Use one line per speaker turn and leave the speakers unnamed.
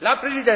La Presidente.